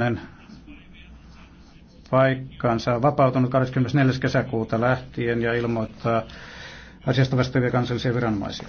hänen paikkaansa vapautunut 24. kesäkuuta lähtien ja ilmoittaa asiasta vastaavia kansallisia viranomaisia.